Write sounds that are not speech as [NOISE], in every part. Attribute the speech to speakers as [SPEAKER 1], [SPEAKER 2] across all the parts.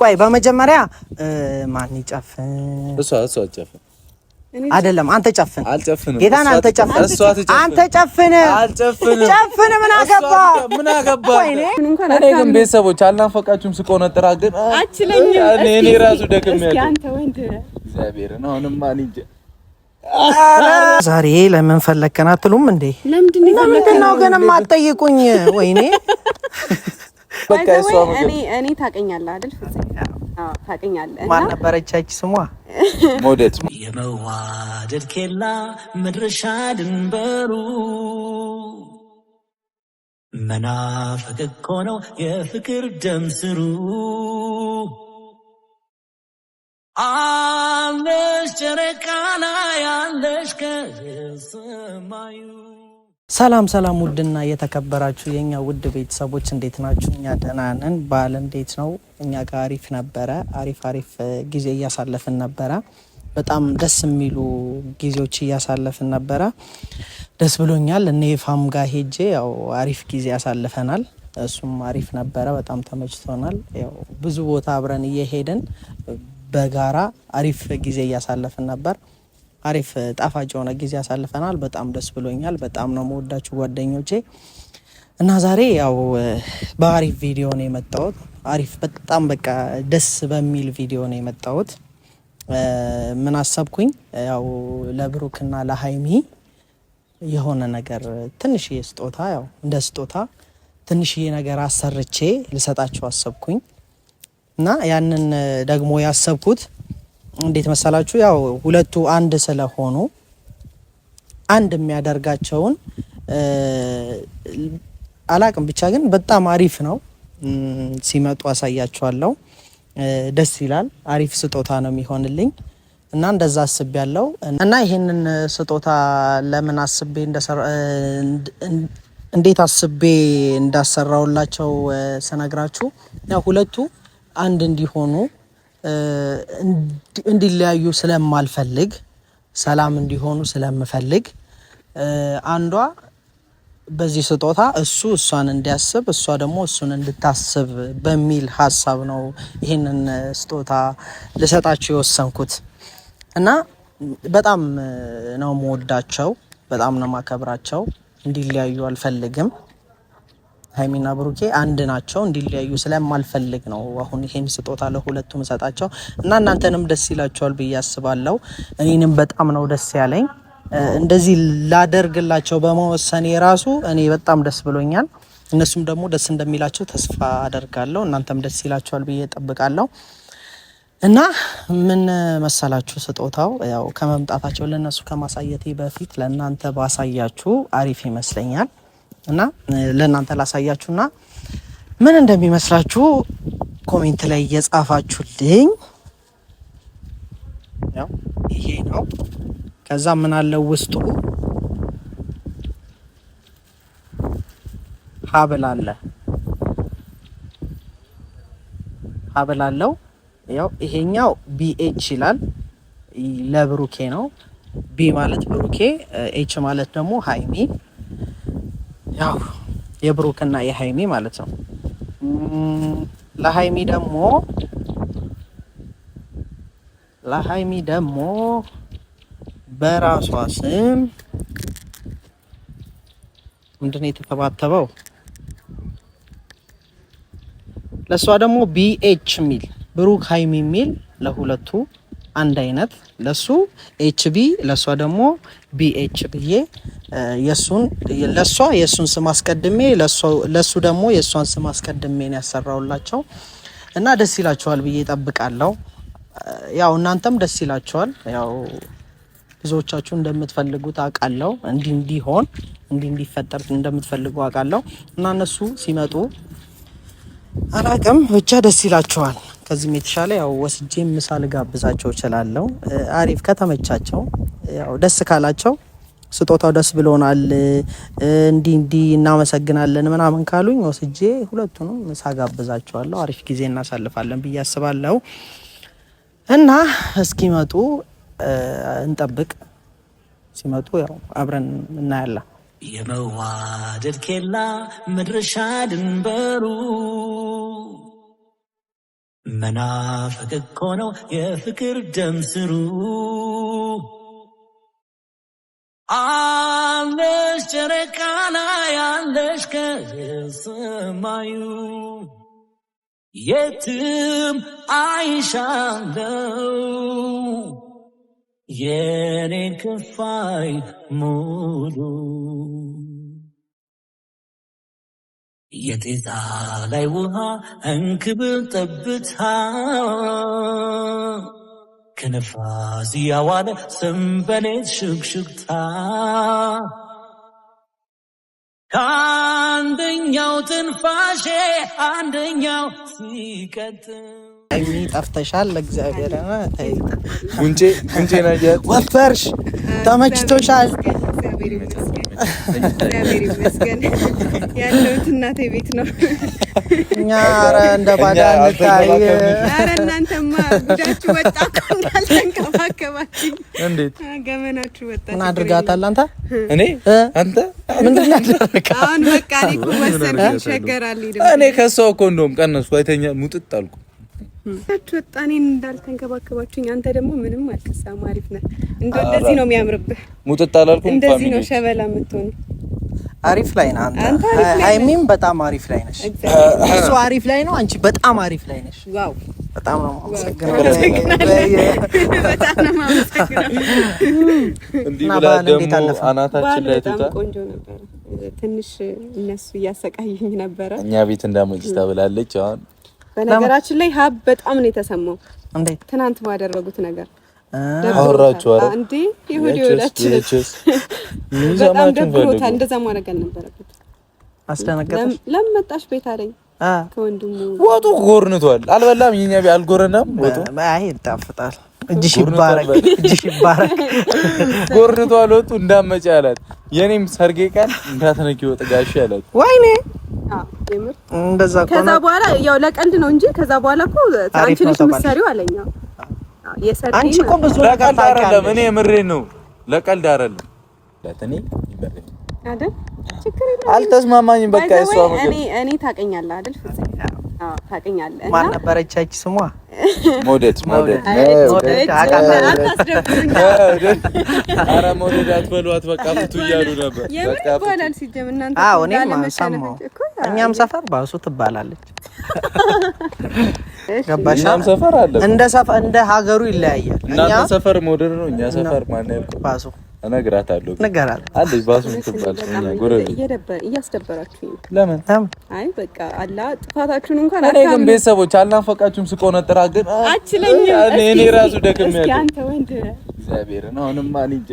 [SPEAKER 1] ቆይ በመጀመሪያ ማን ይጨፍን?
[SPEAKER 2] እሷ እሷ ትጨፍን
[SPEAKER 1] አይደለም፣ አንተ ጨፍን። አልጨፍንም። ጌታን አንተ ጨፍን። አንተ ጨፍን።
[SPEAKER 2] አልጨፍንም።
[SPEAKER 1] ጨፍን። ምን አገባ? ምን አገባ? እኔ
[SPEAKER 2] ግን ቤተሰቦች አልናፈቃችሁም? ስቆነጥራ ግን አችለኝ። እኔ ራሱ ደግሜ አንተ ደክሜያለሁ። እግዚአብሔርን አሁንማ እኔ እንጃ።
[SPEAKER 1] ዛሬ ለምን ፈለከን አትሉም እንዴ?
[SPEAKER 3] ለምንድን
[SPEAKER 1] ነው ግን የማትጠይቁኝ? ወይኔ
[SPEAKER 3] በቃ እሷ ነው። እኔ እኔ ታቀኛለህ አይደል? ፍጽም አዎ፣ ታቀኛለህ።
[SPEAKER 1] ማን ነበረች ያቺ ስሟ?
[SPEAKER 2] ሞደት የመዋደድ ኬላ መድረሻ ድንበሩ መናፈቅ እኮ ነው የፍቅር ደም
[SPEAKER 1] ስሩ አለሽ ጨረቃ ላይ ያለሽ ከሰማዩ ሰላም ሰላም፣ ውድና የተከበራችሁ የእኛ ውድ ቤተሰቦች እንዴት ናችሁ? እኛ ደህና ነን። በዓል እንዴት ነው? እኛ ጋር አሪፍ ነበረ። አሪፍ አሪፍ ጊዜ እያሳለፍን ነበረ። በጣም ደስ የሚሉ ጊዜዎች እያሳለፍን ነበረ። ደስ ብሎኛል። እኔ ፋም ጋር ሄጄ ያው አሪፍ ጊዜ ያሳልፈናል። እሱም አሪፍ ነበረ። በጣም ተመችቶናል። ያው ብዙ ቦታ አብረን እየሄድን በጋራ አሪፍ ጊዜ እያሳለፍን ነበር። አሪፍ ጣፋጭ የሆነ ጊዜ አሳልፈናል። በጣም ደስ ብሎኛል። በጣም ነው መወዳችሁ ጓደኞቼ እና ዛሬ ያው በአሪፍ ቪዲዮ ነው የመጣሁት። አሪፍ በጣም በቃ ደስ በሚል ቪዲዮ ነው የመጣሁት። ምን አሰብኩኝ ያው ለብሩክና ለሀይሚ የሆነ ነገር ትንሽዬ ስጦታ ያው እንደ ስጦታ ትንሽዬ ነገር አሰርቼ ልሰጣቸው አሰብኩኝ እና ያንን ደግሞ ያሰብኩት እንዴት መሰላችሁ? ያው ሁለቱ አንድ ስለሆኑ አንድ የሚያደርጋቸውን አላቅም፣ ብቻ ግን በጣም አሪፍ ነው። ሲመጡ አሳያችኋለሁ። ደስ ይላል። አሪፍ ስጦታ ነው የሚሆንልኝ እና እንደዛ አስቤ ያለው እና ይሄንን ስጦታ ለምን አስቤ እንዴት አስቤ እንዳሰራውላቸው ስነግራችሁ ያው ሁለቱ አንድ እንዲሆኑ እንዲለያዩ ስለማልፈልግ ሰላም እንዲሆኑ ስለምፈልግ አንዷ በዚህ ስጦታ እሱ እሷን እንዲያስብ እሷ ደግሞ እሱን እንድታስብ በሚል ሀሳብ ነው ይህንን ስጦታ ልሰጣቸው የወሰንኩት እና በጣም ነው መወዳቸው በጣም ነው ማከብራቸው እንዲለያዩ አልፈልግም። ሀይሚና ብሩኬ አንድ ናቸው እንዲለያዩ ስለማልፈልግ ነው። አሁን ይሄን ስጦታ ለሁለቱም እሰጣቸው እና እናንተንም ደስ ይላቸዋል ብዬ አስባለሁ። እኔንም በጣም ነው ደስ ያለኝ እንደዚህ ላደርግላቸው በመወሰኔ የራሱ እኔ በጣም ደስ ብሎኛል። እነሱም ደግሞ ደስ እንደሚላቸው ተስፋ አደርጋለሁ። እናንተም ደስ ይላቸዋል ብዬ ጠብቃለሁ። እና ምን መሰላችሁ ስጦታው ያው ከመምጣታቸው ለነሱ ከማሳየቴ በፊት ለእናንተ ባሳያችሁ አሪፍ ይመስለኛል። እና ለእናንተ ላሳያችሁና ምን እንደሚመስላችሁ ኮሜንት ላይ እየጻፋችሁልኝ ይሄ ነው። ከዛ ምን አለው ውስጡ ሀብል አለ ሀብል አለው። ያው ይሄኛው ቢኤች ይላል ለብሩኬ ነው። ቢ ማለት ብሩኬ፣ ኤች ማለት ደግሞ ሀይሚ ያው የብሩክና የሀይሚ ማለት ነው። ለሀይሚ ደግሞ ለሀይሚ ደግሞ በራሷ ስም ምንድን ነው የተተባተበው? ለእሷ ደግሞ ቢኤች የሚል ብሩክ ሀይሚ የሚል ለሁለቱ አንድ አይነት ለሱ ኤችቢ ለሷ ደግሞ ቢኤች ብዬ የሱን ለሷ የሱን ስም አስቀድሜ ለሱ ደግሞ የእሷን ስም አስቀድሜ ነው ያሰራውላቸው እና ደስ ይላቸዋል ብዬ ጠብቃለሁ። ያው እናንተም ደስ ይላቸዋል። ያው ብዙዎቻችሁ እንደምትፈልጉት አውቃለሁ። እንዲህ እንዲሆን እንዲህ እንዲፈጠር እንደምትፈልጉ አውቃለሁ እና እነሱ ሲመጡ አላቅም ብቻ ደስ ይላቸዋል። ከዚህም የተሻለ ያው ወስጄ ምሳ ልጋብዛቸው እችላለሁ። አሪፍ ከተመቻቸው ያው ደስ ካላቸው ስጦታው ደስ ብሎናል፣ እንዲ እንዲ እናመሰግናለን ምናምን ካሉኝ ወስጄ ሁለቱንም ምሳ ጋብዛቸዋለሁ። አሪፍ ጊዜ እናሳልፋለን ብዬ አስባለሁ እና እስኪመጡ እንጠብቅ። ሲመጡ ያው አብረን እናያለን። የመዋደድ ኬላ መድረሻ ድንበሩ መናፈቅ እኮ ነው የፍቅር ደም ስሩ አለሽ ጨረቃ ላይ አለሽ ከሰማዩ የትም አይሻለው የኔ ክፋይ ሙሉ የጤዛ ላይ ውሃ እንክብል ጠብታ ከነፋስ እያዋለ ሰንበሌት ሽግሽግታ ከአንደኛው ትንፋሼ አንደኛው ሲቀጥል ሀይሚ ጠፍተሻል። ለእግዚአብሔር
[SPEAKER 2] ጉንጬ ጉንጬ ነገር
[SPEAKER 1] ወፈርሽ ተመችቶሻል።
[SPEAKER 3] ይመስገን ያለሁት እናቴ ቤት ነው።
[SPEAKER 1] እኛ ኧረ እንደ ባዳ እንታይ፣ ኧረ
[SPEAKER 3] እናንተማ ጉዳችሁ ወጣ እኮ እንዴት ገመናችሁ ወጣ።
[SPEAKER 1] ምን አድርጋታል አንተ? እኔ አንተ ምንድን ነው
[SPEAKER 3] አሁን በቃ እኔ እኮ
[SPEAKER 2] እኔ ከእሷ እኮ እንደውም ቀነሱ አይተኛ ሙጥጥ አልኩ
[SPEAKER 3] ወጣኔ ወጣኔን እንዳልተንከባከባችሁኝ። አንተ ደግሞ ምንም አልከሳ አሪፍ ነህ። እንደዚህ ነው የሚያምርብህ።
[SPEAKER 2] ሙጥጥ አላልኩም።
[SPEAKER 3] እንደዚህ ነው ሸበላ የምትሆኑ።
[SPEAKER 1] አሪፍ ላይ ነህ አንተ። ሀይሚም በጣም አሪፍ ላይ ነሽ። እሱ አሪፍ ላይ ነው፣ አንቺ በጣም አሪፍ ላይ ነሽ። ዋው በጣም ነው
[SPEAKER 3] ነው ትንሽ እነሱ እያሰቃየኝ ነበረ።
[SPEAKER 2] እኛ ቤት እንዳመጭ ተብላለች አሁን
[SPEAKER 3] በነገራችን ላይ ሀብ በጣም ነው የተሰማው። እንዴት ትናንት ባደረጉት ነገር
[SPEAKER 2] አወራችሁ? አረ
[SPEAKER 3] እንዴ ይሁዲ
[SPEAKER 2] ወላችሁ
[SPEAKER 3] [LAUGHS] በጣም ደብሮታል። እንደዛ ማድረግ አልነበረበት።
[SPEAKER 1] አስደነገጠሽ?
[SPEAKER 3] ለምን መጣሽ ቤት አለኝ። ከወንድሙ
[SPEAKER 2] ወጡ ጎርንቷል። አልበላም የኛ ቤት አልጎረናም። ወጡ
[SPEAKER 1] አይ ይጣፍጣል። እጅሽ ይባረክ፣ እጅሽ ይባረክ።
[SPEAKER 2] [LAUGHS] ጎርንቷል ወጡ እንዳመጪ አላት። የኔም ሰርጌ ቃል እንዳትነኪ ወጥ ጋሽ አላት።
[SPEAKER 1] ወይኔ
[SPEAKER 3] ከዛ በኋላ ያው ለቀልድ ነው እንጂ ከዛ በኋላ እኮ አንቺ ነሽ የምትሰሪው አለኝ።
[SPEAKER 1] አንቺ እኮ ብዙ
[SPEAKER 2] ለቀልድ አይደለም፣ እኔ ምሬን ነው ለቀልድ አይደለም።
[SPEAKER 1] አልተስማማኝም። በቃ እሷ
[SPEAKER 3] እኔ እኔ ታውቀኛለህ አይደል? ታውቀኛለህ።
[SPEAKER 1] ማን ነበረች ያቺ ስሟ?
[SPEAKER 2] ሞዴት ሞዴት። ኧረ ሞዴት አትበሏት፣ በቃ ፍቱ እያሉ ነበር።
[SPEAKER 1] በቃ እኔማ ሰማሁ እኛም ሰፈር ባሱ ትባላለች።
[SPEAKER 2] ገባሻም ሰፈር
[SPEAKER 1] አለ። እንደ ሰፈር እንደ ሀገሩ ይለያያል።
[SPEAKER 2] እናንተ ሰፈር ሞደር ነው፣ እኛ ሰፈር ማን ነው? ባሱ እነግራታለሁ። አለች ባሱ ትባል።
[SPEAKER 3] እያስደበራችሁ ለምን? አይ በቃ አላ ጥፋታችሁን እንኳን
[SPEAKER 2] እኔ ግን ቤተሰቦች አልናፈቃችሁም? ስቆነጥራ ግን አችለኝ እኔ ራሱ ደግም
[SPEAKER 3] ያለ አንተ ወንድ
[SPEAKER 2] እግዚአብሔር ነው። አሁንማ እኔ እንጃ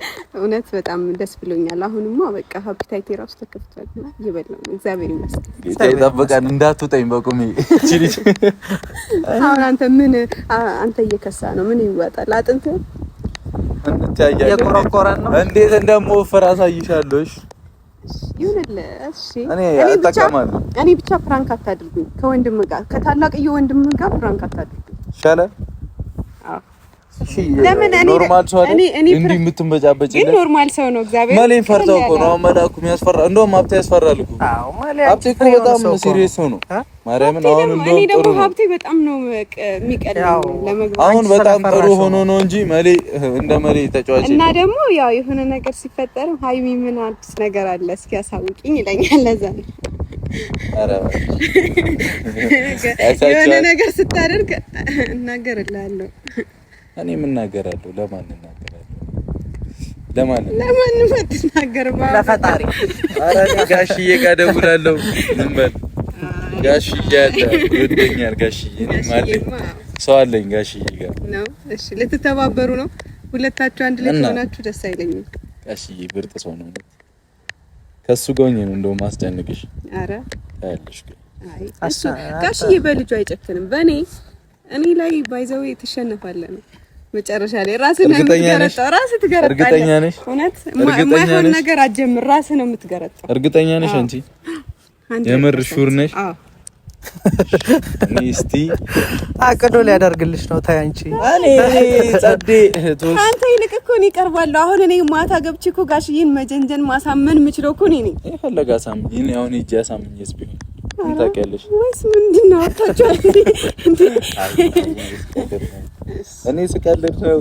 [SPEAKER 3] እውነት በጣም ደስ ብሎኛል። አሁንማ በቃ ሀፒታይቴ ራሱ ተከፍቷል እና እየበላሁ ነው። እግዚአብሔር ይመስገን።
[SPEAKER 2] ጌታ ይጠብቀን። በቁሜ
[SPEAKER 3] አሁን አንተ ምን አንተ እየከሳ ነው? ምን ይዋጣል? አጥንት
[SPEAKER 1] የቆረቆረን
[SPEAKER 2] ነው። እንዴት እንደምወፍር አሳይሻለሽ። እኔ
[SPEAKER 3] ብቻ ፕራንክ አታድርጉኝ። ከወንድም ጋር ከታላቅዬ ወንድም ጋር ፕራንክ አታድርጉኝ።
[SPEAKER 2] ይሻላል ለምን እንዲህ የምትንበጫበጭ
[SPEAKER 3] ኖርማል ሰው ነው። እግዚአብሔር
[SPEAKER 2] ማሌን ፈርታው እኮ ነው መላኩ የሚያስፈራ እንደውም ሀብቴ ያስፈራል እኮ ሀብቴ እኮ በጣም ሲሪየስ ሰው ነው። ማርያምን
[SPEAKER 3] አሁን እንደውም ጥሩ ነው ሀብቴ በጣም ነው የሚቀለው
[SPEAKER 2] ለመግባት አሁን በጣም ጥሩ ሆኖ ነው እንጂ መሌ እንደ መሌ ተጫዋች
[SPEAKER 3] እና ደግሞ ያው የሆነ ነገር ሲፈጠር ሀይሚ ምን አዲስ ነገር አለ እስኪ አሳውቂኝ ይለኛል። ለዛ ነው [LAUGHS] የሆነ ነገር ስታደርግ እናገርልሃለሁ
[SPEAKER 2] እኔ የምናገራለሁ ለማን እናገራለሁ? ለማን
[SPEAKER 3] ለማንም አትናገርም።
[SPEAKER 1] ለፈጣሪ
[SPEAKER 2] ኧረ ጋሽዬ ጋር እደውላለሁ። ዝም በል ጋሽዬ አለ ይወደኛል። ጋሽዬ ማለኝ ሰው አለኝ ጋሽዬ ጋር
[SPEAKER 3] ነው። እሺ ልትተባበሩ ነው ሁለታችሁ? አንድ ላይ ሆናችሁ ደስ አይለኝም።
[SPEAKER 2] ጋሽዬ ብርጥ ሰው ነው። ከሱ ጎኝ ነው እንደው ማስደንቅሽ። ኧረ ያለሽ
[SPEAKER 3] ጋሽዬ በልጁ አይጨክንም። በእኔ እኔ ላይ ባይዘው ትሸነፋለህ ነው መጨረሻ ላይ ራስህ
[SPEAKER 2] ነው የምትገረጣው። ራስህ ትገረጣለህ። እርግጠኛ ነሽ?
[SPEAKER 3] እውነት የማይሆን ነገር አትጀምር። ራስህ ነው የምትገረጠው።
[SPEAKER 2] እርግጠኛ ነሽ? አንቺ የምር ሹር ነሽ? ሚስቲ
[SPEAKER 1] አቅዶ ሊያደርግልሽ ነው። ታይ አንቺ
[SPEAKER 2] እኔ ጸዴ
[SPEAKER 3] አንተ ይልቅ እኮ እኔ እቀርባለሁ። አሁን እኔ ማታ ገብቼ እኮ ጋሽዬን መጀንጀን ማሳመን የምችለው እኮ እኔ ነኝ።
[SPEAKER 2] የፈለገ አሳምኝ። እኔ አሁን ሂጅ አሳምኝ። ህዝብ ምን ታውቂያለሽ?
[SPEAKER 3] ወይስ ምንድን ነው አታውቂያለሽ?
[SPEAKER 2] እኔ ስቀልድ ነው።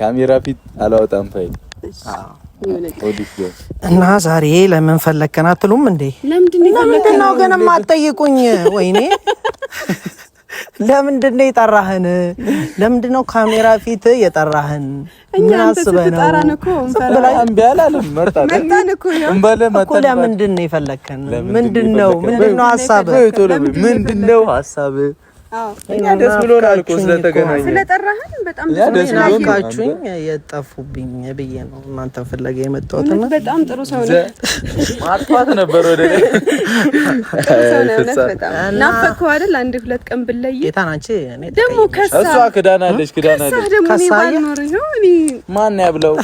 [SPEAKER 2] ካሜራ ፊት አላወጣም ፋይል
[SPEAKER 1] እና ዛሬ ለምን ፈለግከን አትሉም እንዴ?
[SPEAKER 3] ለምንድን
[SPEAKER 1] ነው ግን የማትጠይቁኝ? ወይኔ ለምንድን ነው የጠራህን? ለምንድን ነው ካሜራ ፊት የጠራህን? ምን ነው? ለምንድን ነው የፈለግከን? ምንድን ነው ምንድን
[SPEAKER 2] ነው ሀሳብህ? ደስ ብሎናል እኮ ስለተገናኘን
[SPEAKER 3] ስለጠራህን፣ በጣም
[SPEAKER 1] ደስ ብሎናል። የጠፉብኝ ብዬ ነው ፍለጋ የመጣሁት
[SPEAKER 3] በጣም ጥሩ ሰው ነህ።
[SPEAKER 2] ማጥፋት ነበር ወደ አይደል?
[SPEAKER 3] አንድ ሁለት ቀን ብለይ ደግሞ ከሳ ክዳናለች፣ ክዳናለች
[SPEAKER 2] ማን ያብለው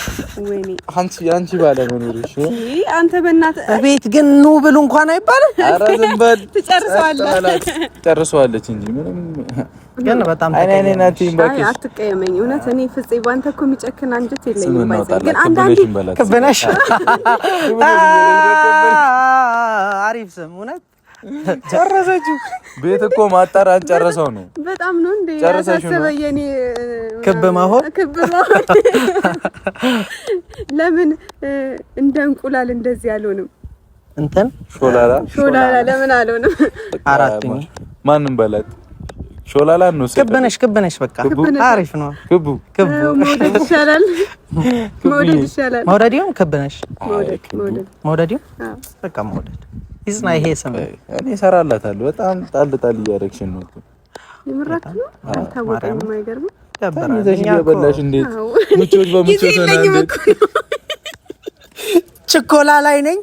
[SPEAKER 2] አንቺ
[SPEAKER 3] አንተ በእናትህ
[SPEAKER 1] ቤት ግን ኑ ብሉ እንኳን አይባልም።
[SPEAKER 2] ጨርሰዋለች እንጂ ምንም
[SPEAKER 1] ግን በጣም
[SPEAKER 3] አትቀየመኝ። እውነት እኔ ፍፄ ባንተ እኮ የሚጨክን አንጀት
[SPEAKER 2] የለኝም። ግን አንዳንዴ
[SPEAKER 1] ክብነሽ አሪፍ ስም እውነት
[SPEAKER 2] ጨረሰችው። ቤት እኮ ማጣራት ጨረሰው ነው።
[SPEAKER 3] በጣም ነው እንደ ያሳሰበ የኔ ክብ መሆን ክብ መሆን ለምን እንደ እንቁላል እንደዚህ አልሆንም።
[SPEAKER 1] እንትን
[SPEAKER 2] ሾላላ
[SPEAKER 3] ሾላላ ለምን አልሆንም?
[SPEAKER 1] አራት
[SPEAKER 2] ማንም በላት ሾላላ ነው።
[SPEAKER 1] ክብ ነሽ፣ ክብ ነሽ። በቃ አሪፍ ነው።
[SPEAKER 2] ክቡ
[SPEAKER 3] ክቡ መውደድ ይሻላል፣ መውደድ ይሻላል።
[SPEAKER 1] መውደድ ይሁን ክብ ነሽ። መውደድ ይሁን በቃ መውደድ ይሄ ስም
[SPEAKER 2] እኔ እሰራላታለሁ። በጣም ጣል ጣል እያደረግሽ ነው።
[SPEAKER 3] ይምራክ ነው ታወቀኝ። የማይገርም
[SPEAKER 2] ደበራ እኛ በላሽ እንዴት ሙቾች
[SPEAKER 3] በሙቾች ነው
[SPEAKER 1] ችኮላ ላይ ነኝ።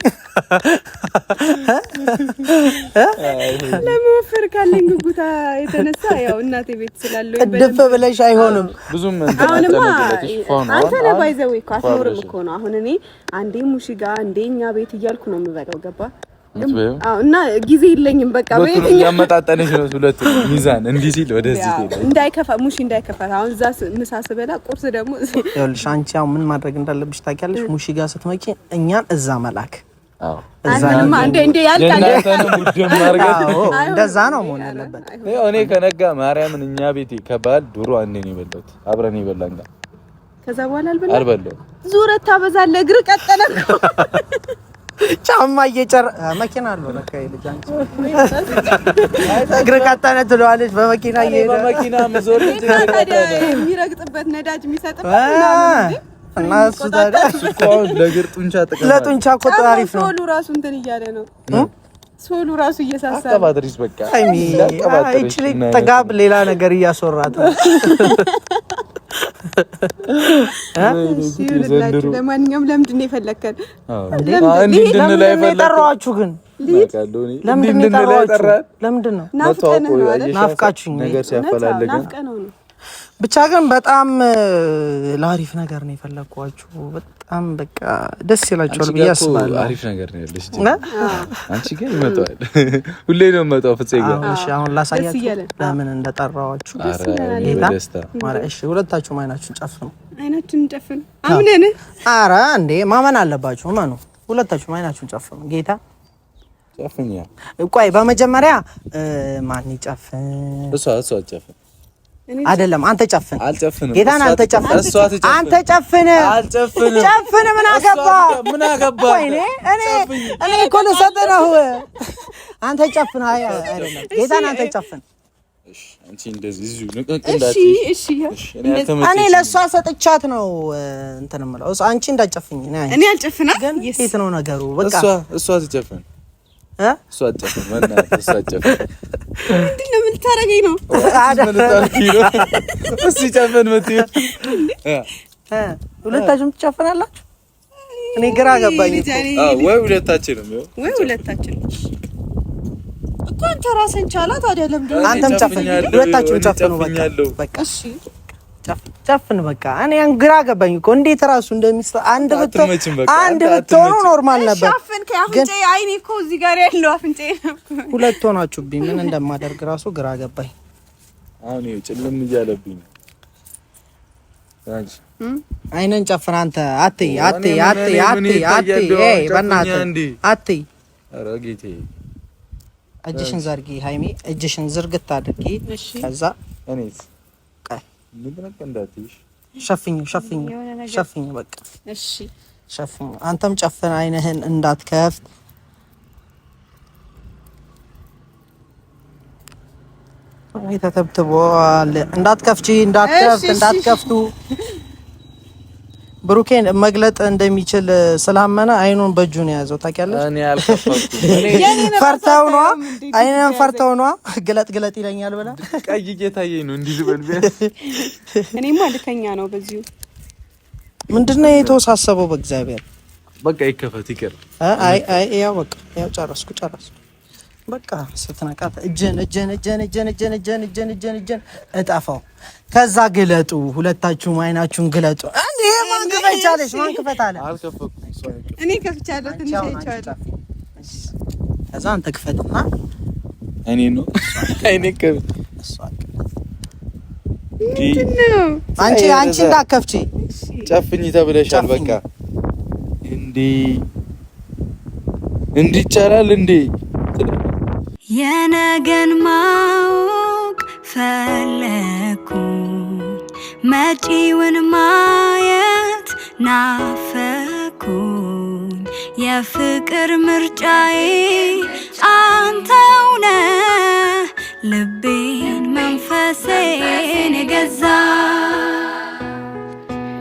[SPEAKER 3] ለመወፈር ካለኝ ጉጉታ የተነሳ ያው እናቴ ቤት ስላለው
[SPEAKER 1] ቅድፍ ብለሽ አይሆንም።
[SPEAKER 2] ብዙም
[SPEAKER 3] አሁንማ አንተ ነህ ባይዘዌ እኮ አትኖርም እኮ ነው። አሁን እኔ አንዴ ሙሺ ጋር አንዴ እኛ ቤት እያልኩ ነው የምበለው። ገባ እና ጊዜ የለኝም። በቃ
[SPEAKER 2] ያመጣጠነች ነው ሁለቱ ሚዛን እንዲህ ሲል ወደዚህ
[SPEAKER 3] እንዳይከፋ ሙሽ እንዳይከፋ። አሁን እዛ ምሳ ስበላ ቁርስ ደግሞ
[SPEAKER 1] ይኸውልሽ፣ አንቺ ያው ምን ማድረግ እንዳለብሽ ታውቂያለሽ። ሙሽ ጋር ስትመጪ እኛን እዛ መላክ እንደዛ ነው መሆን ያለበት።
[SPEAKER 2] እኔ ከነጋ ማርያምን እኛ ቤቴ ከባል ዶሮ አንዴ ነው የበላሁት አብረን የበላን ጋር ከዛ በኋላ አልበላሁም።
[SPEAKER 3] ዙረት ታበዛለህ እግር ቀጠለ
[SPEAKER 1] ጫማ እየጨረ መኪና አለው ለካ ይልጃን እግር ካጣነ ትለዋለች። በመኪና እየሄደ
[SPEAKER 2] በመኪና መዞር
[SPEAKER 3] የሚረግጥበት ነዳጅ የሚሰጥበት
[SPEAKER 1] እና እሱ ለጡንቻ እኮ አሪፍ
[SPEAKER 3] ነው። ራሱ እንትን እያለ ነው ሶሉ ራሱ እየሳሳ
[SPEAKER 2] አቀባድሪስ በቃ
[SPEAKER 1] ጥጋብ ሌላ ነገር እያስወራት ነው።
[SPEAKER 3] [LAUGHS] ለማንኛውም ለምንድን ነው የፈለከን?
[SPEAKER 1] ለምንድን ነው የጠራኋችሁ ግን? ለምንድን ብቻ ግን በጣም ለአሪፍ ነገር ነው የፈለግኳችሁ። በጣም በቃ ደስ ይላቸዋል ብዬ አስባለሁ።
[SPEAKER 2] አሪፍ ነገር ነው ያለሽ። አንቺ ግን ይመጣዋል፣ ሁሌ ነው መጣው። ፍፄ ጋር
[SPEAKER 1] አሁን ላሳያችሁ ለምን እንደጠራዋችሁ ሁለታችሁም አይናችሁን ጨፍኑ፣
[SPEAKER 3] አይናችሁን ጨፍኑ። አምነን
[SPEAKER 1] አረ እንዴ ማመን አለባችሁ። ማኑ ሁለታችሁም አይናችሁን ጨፍኑ። ጌታ ቆይ፣ በመጀመሪያ ማን ይጨፍን?
[SPEAKER 2] እሷ እሷ ጨፍን
[SPEAKER 1] አይደለም አንተ ጨፍን፣ ጌታን አንተ ጨፍን፣ አንተ ጨፍን፣ ጨፍን። ምን አገባ ምን አገባ? እኔ እኔ እኮ ልሰጥህ ነው። አንተ ጨፍን። አይ አይደለም፣ ጌታን አንተ ጨፍን። እኔ ለእሷ ሰጥቻት ነው እንትን የምለው አንቺ እንዳጨፍኝ። እኔ አልጨፍና። ግን የት ነው ነገሩ? በቃ
[SPEAKER 2] እሷ ትጨፍን
[SPEAKER 3] ምታረገኝ ነው?
[SPEAKER 1] ሁለታችሁም ትጨፍናላችሁ? እኔ ግራ ገባኝ።
[SPEAKER 2] ወይ ሁለታችንም
[SPEAKER 3] ወይ ሁለታችንም እኮ አንተ ራስን ቻላ። ታዲያ
[SPEAKER 1] አንተም ጨፍን? ሁለታችሁም ጨፍኑ በቃ። እሺ ጨፍን በቃ እኔ ያን ግራ ገባኝ እኮ እንዴት ራሱ እንደሚስ አንድ አንድ ብትሆኑ ኖርማል
[SPEAKER 3] ነበር። እኮ ጋር ያለው
[SPEAKER 1] ሁለት ሆናችሁብኝ ምን እንደማደርግ ራሱ ግራ ገባኝ።
[SPEAKER 2] አሁን ይኸው ጭልም እያለብኝ
[SPEAKER 1] አይነን ጨፍን አንተ አትይ አትይ አትይ አትይ አትይ አይ በእናትህ አትይ። ኧረ ጌቴ እጅሽን ዘርጊ ሃይሚ፣ እጅሽን ዝርግት አድርጊ ከዛ
[SPEAKER 2] እኔስ ንብረቅ እንዳትይሽ
[SPEAKER 1] ሸፍኝ ሸፍኝ ሸፍኝ፣ በቃ እሺ ሸፍኝ። አንተም ጨፍን፣ አይንህን እንዳትከፍት። ተተብትቧል። እንዳትከፍቺ፣ እንዳትከፍት፣ እንዳትከፍቱ ብሩኬን መግለጥ እንደሚችል ስላመነ አይኑን በእጁ ነው የያዘው።
[SPEAKER 2] ታውቂያለሽ፣
[SPEAKER 1] [LAUGHS] ፈርተው ነዋ፣ አይንን ፈርተው ነዋ። ግለጥ ግለጥ ይለኛል ብላ
[SPEAKER 2] ቀይ እየታየኝ ነው። እንዲህ ልበል [LAUGHS]
[SPEAKER 3] እኔማ ልከኛ ነው። በዚሁ
[SPEAKER 1] ምንድን ነው የተወሳሰበው? በእግዚአብሔር
[SPEAKER 2] በቃ ይከፈት ይቅር።
[SPEAKER 1] አይ አይ፣ ያው በቃ ያው ጨረስኩ ጨረስኩ። በቃ ስትነቃት እጄን እጄን እጄን እጄን እጄን እጄን እጄን እጄን እጄን እጠፋው። ከዛ ግለጡ፣ ሁለታችሁም አይናችሁን ግለጡ። እኔ ማን ክፈት ማን ክፈት አለ?
[SPEAKER 3] እኔ ከፍቻለሁ። ትንሽ አይቼዋለሁ።
[SPEAKER 1] ከዛ አንተ ክፈትና
[SPEAKER 2] እኔ ነው እኔ ከብ
[SPEAKER 1] አንቺ አንቺ እንዳከፍቺ
[SPEAKER 2] ጨፍኝ ተብለሻል። በቃ እንዴ እንዲቻላል እንዴ
[SPEAKER 4] የነገን ማወቅ ፈለኩኝ መጪውን ማየት ናፈኩኝ የፍቅር ምርጫዬ አንተው ነህ ልቤን መንፈሴን የገዛ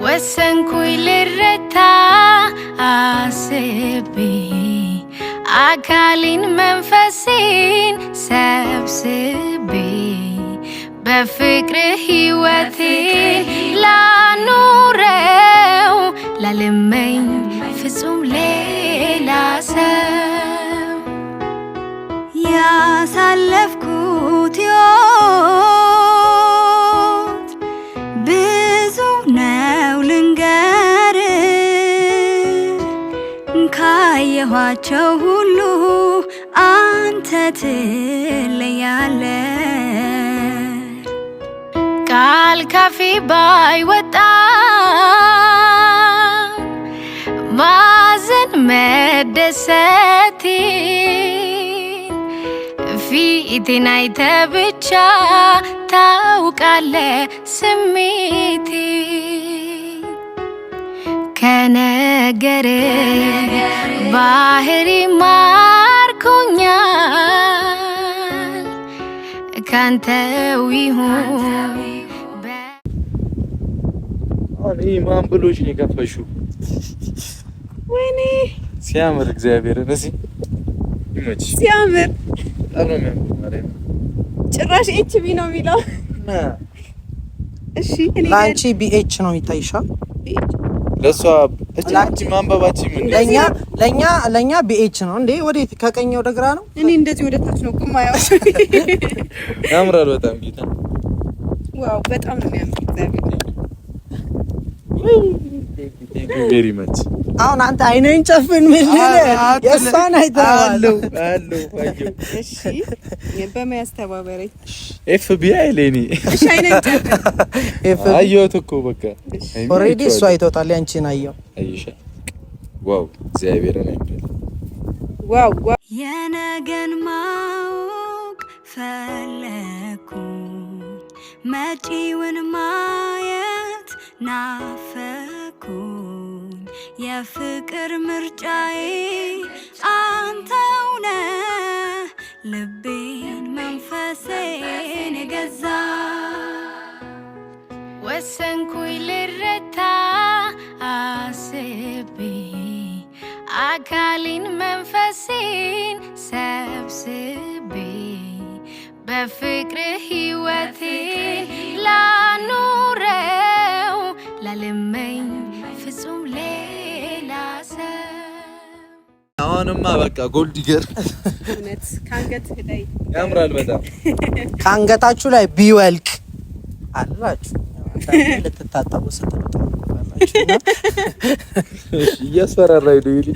[SPEAKER 4] ወሰንኩኝ ልረታ አስቤ አካሊን መንፈሴን ሰብስቤ በፍቅር ሕይወቴ ላኑረው ላልመኝ ፍጹም ሌላ ሰው ያሳለፍኩት ሕይወት ብዙ ነው ልንገር ካየኋቸው ትለያለ ቃል ካፌ ባይወጣ ማዘን መደሰቴ ፊቴን አይተ ብቻ ታውቃለ ስሜቴ ከነገር ባህሪማ ካንተው ይሁን።
[SPEAKER 2] እኔ ማን ብሎሽ ነው የከፈሽው? ወይኔ ሲያምር፣ እግዚአብሔር እዚህ ይመችሽ።
[SPEAKER 3] ሲያምር ጭራሽ ኤች ቢ ነው የሚለው። እሺ
[SPEAKER 1] ለአንቺ ቢኤች ነው የሚታይሻ
[SPEAKER 2] ለእሷ እቺ ማንበባችን
[SPEAKER 1] ምን ለኛ ለኛ ለኛ ቢኤች ነው እንዴ? ወዴት ከቀኝ ወደ ግራ ነው?
[SPEAKER 3] እኔ እንደዚህ ወደ ታች ነው ቁማ ያው
[SPEAKER 2] ያምራል። በጣም ጌታ
[SPEAKER 3] ዋው፣ በጣም ነው የሚያምር
[SPEAKER 1] አሁን አንተ አይነን ጨፍን ምን የእሷን
[SPEAKER 2] አይተዋለው ኤፍቢአይ አየሁት እኮ በቃ
[SPEAKER 1] ኦልሬዲ እሱ አይቶታል። ያንቺን
[SPEAKER 2] ዋው
[SPEAKER 3] ዋው
[SPEAKER 4] የነገን ማወቅ ፈለኩ መጪውን ማየት ናፈኩ يا فكر مرجعي أنت ونا لبين منفسين قزا وسنكوي للرتا أسبي أكالين منفسين سبسبي በፍቅር ህይወቴ ላኑረው ላለመኝ
[SPEAKER 2] አሁንማ በቃ ጎልድ ይገር ያምራል በጣም
[SPEAKER 1] [LAUGHS] ከአንገታችሁ ላይ ቢወልቅ አላችሁ ልትታጠቡ ስትመጣ
[SPEAKER 2] እያስፈራራኝ ነው ይሉ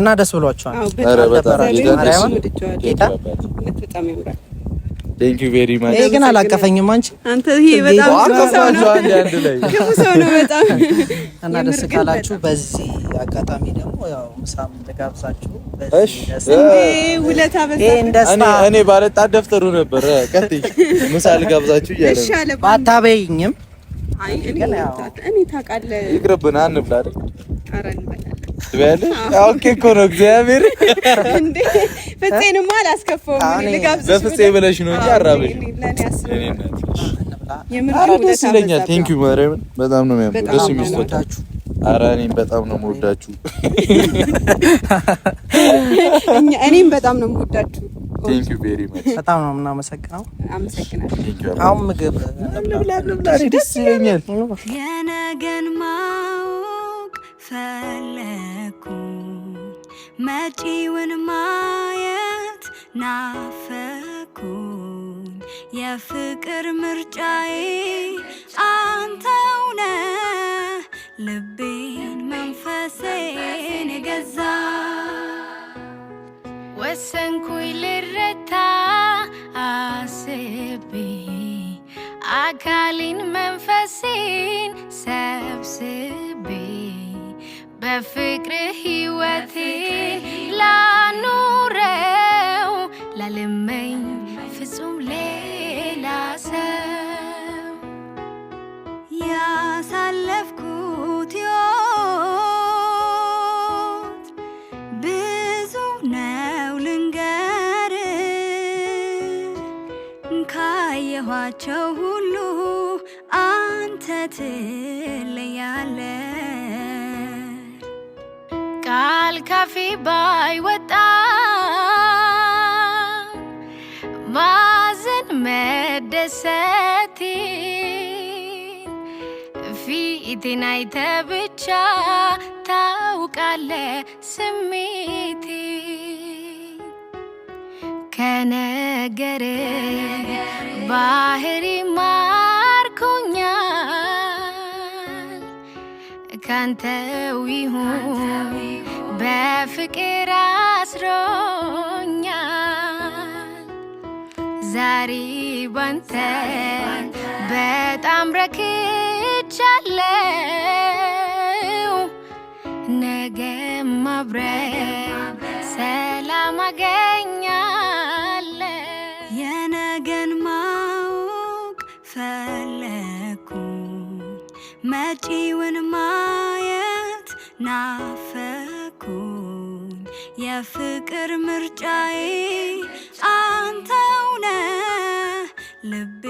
[SPEAKER 1] እና ደስ ብሏቸዋል። ኧረ በጣም ጌታ
[SPEAKER 2] ቴንክ ዩ ቬሪ ማች።
[SPEAKER 1] ይሄ ግን አላቀፈኝም። አንቺ
[SPEAKER 3] አንተ ይሄ
[SPEAKER 2] በጣም ክፉ ሰው ነው
[SPEAKER 1] በጣም እና ደስ ካላችሁ በዚህ አጋጣሚ ደግሞ ያው ምሳም ተጋብዛችሁ
[SPEAKER 2] እኔ ባለጣ ደፍተሩ ነበር። ቀጥ ምሳ ልጋብዛችሁ
[SPEAKER 1] እያለ ባታበይኝም
[SPEAKER 3] ግን እኔ ታውቃለህ።
[SPEAKER 2] ይቅርብን አንብላ አይደል? ኧረ እንበላ ትበያለሽ? ኦኬ እኮ ነው እግዚአብሔር
[SPEAKER 3] እንዴ ፍፄንማ አላስከፋውም።
[SPEAKER 2] በፍፄ ብለሽ ነው እንጂ አራበሽ ደስ ይለኛል። ቴንክ ዩ ማርያምን፣ በጣም ነው የሚያምሩ ደስ የሚስቶታችሁ። አረ እኔም በጣም ነው የምወዳችሁ። እኔም በጣም ነው የምወዳችሁ። ቴንክ ዩ ቬሪ ማች። በጣም ነው የምናመሰግነው። አሁን ምግብ ደስ ይለኛል። የነገን ማወቅ ፈለግ ናፈኩኝ መጪውን ማየት ናፈኩኝ የፍቅር ምርጫዬ አንተውነ ልቤን መንፈሴን የገዛ ወሰንኩኝ ልረታ አስቤ አካሊን መንፈሴን ሰብስቤ በፍቅር ሕይወቴ ላኑረው ላልመኝ ፍጹም ሌላ ሰው ያሳለፍኩት ሕይወት ብዙ ነው ልንገር ካየኋቸው ሁሉ አንተ ትለያለህ ቃል ካፌ ባይወጣ ማዘን መደሰቴ ፊቴን አይተ ብቻ ታውቃለ ስሜቴ ከነገር ባህሪ ማርኮኛል ካንተው ይሁን በፍቅር አስሮኛል ዛሬ ባንተ በጣም ረክቻለው ነገ ማብረ ሰላም አገኛለ የነገን ማወቅ ፈለኩ መጪውን ማየት ና የፍቅር ምርጫዬ አንተው ልብ